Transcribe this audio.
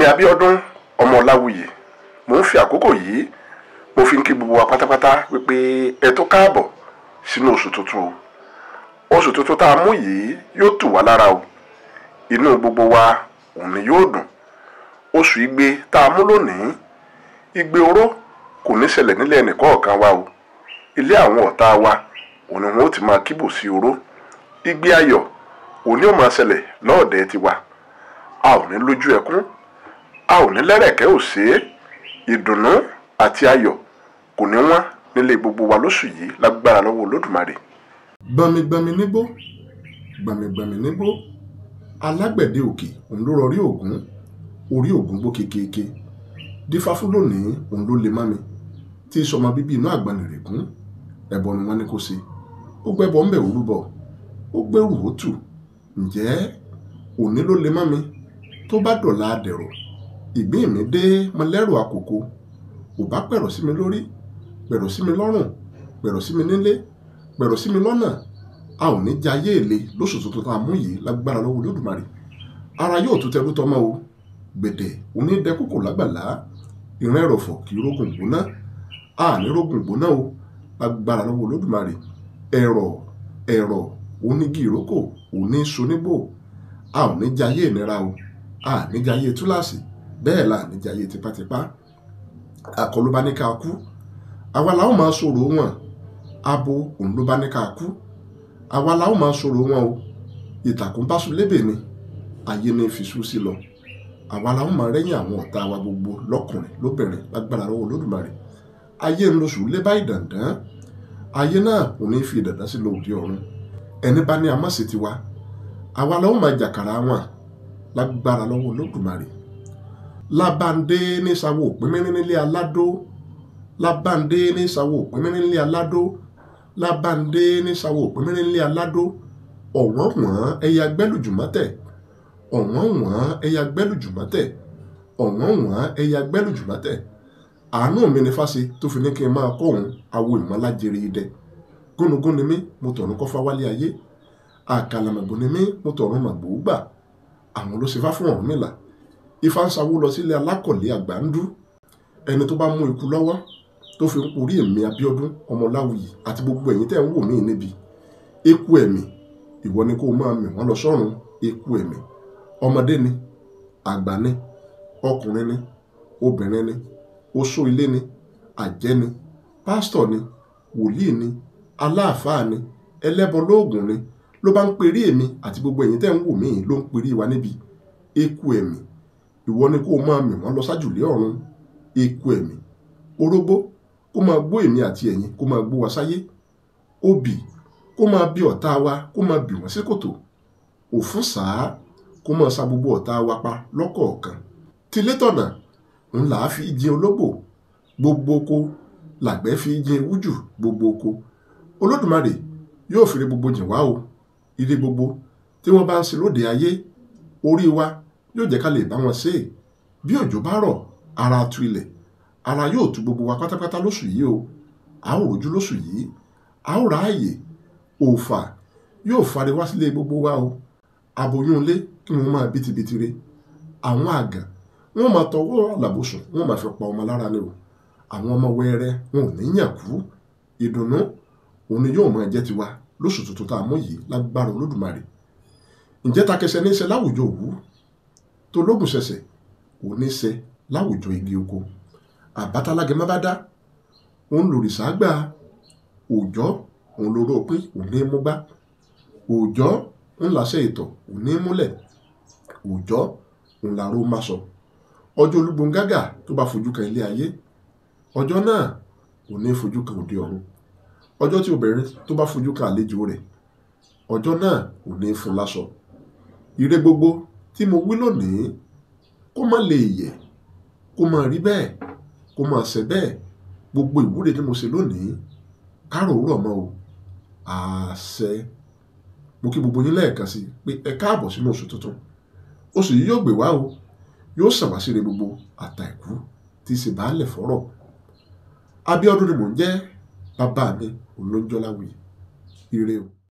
èmi Abíọ́dún ọmọ Ọláwuyì mò ń fi àkókò yìí mo fi ń kí gbogbo wa pátápátá wípé ẹ sínú oṣù tuntun o oṣù tuntun tá a mú yìí yóò tù wá o inú gbogbo wa òun yóò dùn igbe tá a mú igbe oro kò ní ṣẹlẹ̀ nílẹ̀ ẹnìkọ̀ọ̀kan wa o ilé àwọn ọ̀tá wa wọn ó ti igbe máa tiwa a ò ní lójú a ò ní lẹ́rẹ̀kẹ́ ò ṣe é ìdùnnú àti ayọ̀ kò ní wọ́n nílé gbogbo wa lóṣù yìí lágbára lọ́wọ́ olódùmarè. gbọ̀nmìgbọ̀nmì nígbó gbọ̀nmìgbọ̀nmì nígbó alágbẹ̀dẹ òkè òun ló rọrí ògún orí ògún gbó kékeré dífáfú lónìí òun ló lè má mi tí sọmọ bíbí inú àgbọnìrègún ẹbọ ni wọ́n ní kó ṣe ó gbẹ́bọ ńbẹ òrúbọ ó gbẹ́rù ó tù ǹjẹ́ òní ló lè má mi tó bá dọ̀la dẹ̀rọ̀ ìgbín mi dé mo lẹ́rù àkókò ò bá pẹ̀rọ sí mi lórí pẹ̀rọ sí mi lọ́rùn pẹ̀rọ sí mi nílé pẹ̀rọ sí mi lọ́nà a ò ní jayé èlé lóṣù tuntun tá a mú yìí lágbára lọ́wọ́ olódùmarè ara yóò tún tẹrú tọmọ o gbèdè onídẹ́kókò lágbàlá ìran ẹ̀rọ̀fọ̀ kì í rógùn gbóná a ní rógùn gbóná o lágbára lọ́wọ́ olódùmarè ẹ̀rọ̀ ẹ̀rọ̀ onígi ìrókò òní soníbò a ò ní jayé ìnira o a ní jayé túláàsì bẹ́ẹ̀ là ní jayé tipátipá àkọlù bá ní ká kú àwa làwọn máa sọ̀rọ̀ wọn abo òun ló bá ní ká kú àwa làwọn máa sọ̀rọ̀ wọn o ìtàkùn bá sùn lébè ni ayé ní fi sùn sí lọ àwa làwọn máa rẹ́yìn àwọn ọ̀tá wa gbogbo lọ́kùnrin lóbìnrin lágbára lọ́wọ́ olódùmarè ayé ń lo sùúrù báyìí dandan ayé náà kò ní fi dandan sí lòdì ọ̀run ẹni bá ní amásìtiwa àwa làwọn máa jàkàrà wọn lágbára lọ́wọ́ olódùmarè lábàndé ní sawo òpínmírín nílé aládó lábàndé ní sawo òpínmírín nílé aládó lábàndé ní sawo òpínmírín nílé aládó ọ̀wọ́n wọ́n ẹyà gbẹ́lùjùmọ́tẹ̀ ọ̀wọ́n wọ́n ẹyà gbẹ́lùjùmọ́tẹ̀ ọ̀wọ́n wọ́n ẹyà gbẹ́lùjùmọ́tẹ̀ àánú mi ní fásí tó fi ní kí n máa kọ́ òun awo ìmọ̀lájèrè idẹ gúnugún ni mí mo tọ̀run kọ́ fáwálé ayé àkàlàmọ̀gbò ni mí mo tọ̀run màgbò gbà àwọn ló ṣe fá fún ọ̀run mi là ifá ń sawó lọ sílé alákọ̀lé àgbàǹdú ẹni tó bá mú ikú lọ́wọ́ tó fi ń porí èmi Abíọ́dún Ọmọláwuyì àti gbogbo ẹ̀yin tẹ́ ń wò mí níbi eku ẹ̀mí ìwọ ni kó o máa mì wọ́n lọ sọ́run eku ẹ̀mí ọmọdé ni àgbà ni ọkùnrin ni obìnrin ni oṣó ilé ni àjẹ́ ni pásítọ̀ ni wòlíì ni aláàfáà ni ẹlẹ́bọ lóògùn ni ló bá ń perí èmi àti gbogbo ẹ̀yin tẹ́ ń wò mí ló ń perí wa níbi eku ẹ̀mí ìwọ ni kó máa mì wọ́n lọ sájùlé ọ̀run eku ẹ̀mí orógbó kó máa gbó èmi àti ẹ̀yin kó máa gbó wa sáyé obì kó máa bí ọ̀tá wa kó máa bì wọ́n sí kòtò òfún sàá kó máa sa gbogbo ọ̀tá wa pa lọ́kọ̀ọ̀kan tilétọ̀nà ńlá fi jin ológbò gbogbo oko làgbẹ́ fi jin wújù gbogbo oko olódùmarè yóò fèrè gbogbo jìn wá o ire gbogbo tí wọ́n bá ń ṣe lóde ayé orí wa yóò jẹ́ ká lè bá wọn ṣe é bí òjò bá rọ̀ ara tu ilẹ̀ ara yóò tu gbogbo wa pátápátá lóṣù yìí o a ó rojú lóṣù yìí a ó ráàyè òòfà yóò fari wá sílé gbogbo wa o aboyún ilé kí wọn máa bitibiti re àwọn àgàn wọn máa tọwọ́ àlàbòsùn wọn máa fi pa ọmọ lára ni o àwọn ọmọ wẹrẹ wọn ò ní yàn kú ìdùnnú òun ni yóò máa jẹ́ tiwa lóṣù tuntun tá a mú yìí lágbára olódùmarè ǹjẹ́ ta kẹsẹ̀ ní í ṣe láwùjọ òwú tológùnṣẹ̀ṣẹ̀ kò ní ṣe láwùjọ igi oko àbátalágẹmọ bá dá òun lòrìṣà gbà òòjọ́ òun lóró pín òun ní mú gbá òòjọ́ òun làṣẹ ìtọ̀ òun ní múlẹ̀ òòjọ́ òun làró má sọ ọjọ́ olúgbóngágà tó bá fojú kan ilé ayé ọjọ́ náà kò ní fojú kan òde ọ̀run ọjọ́ tí obìnrin tó bá fojú kan àlejò rẹ̀ ọjọ́ náà kò ní láṣọ ire gbogbo tí mo wí lónìí kó má lè yẹ̀ kó má rí bẹ́ẹ̀ kó má ṣe bẹ́ẹ̀ gbogbo ìwúre tí mo ṣe lónìí kárò òwúrọ̀ mọ́ o àṣẹ mo kí gbogbo yín lẹ́ẹ̀kan sí pé ẹ káàbọ̀ sínú oṣù tuntun oṣù yìí yóò gbé wá o yóò ṣàwásíre gbogbo àtàìkú tí í ṣe baálẹ̀ fọ́rọ̀ Abíọ́dún ni mò ń jẹ́ bàbá mi Olóńjọ́láwuyì ire o.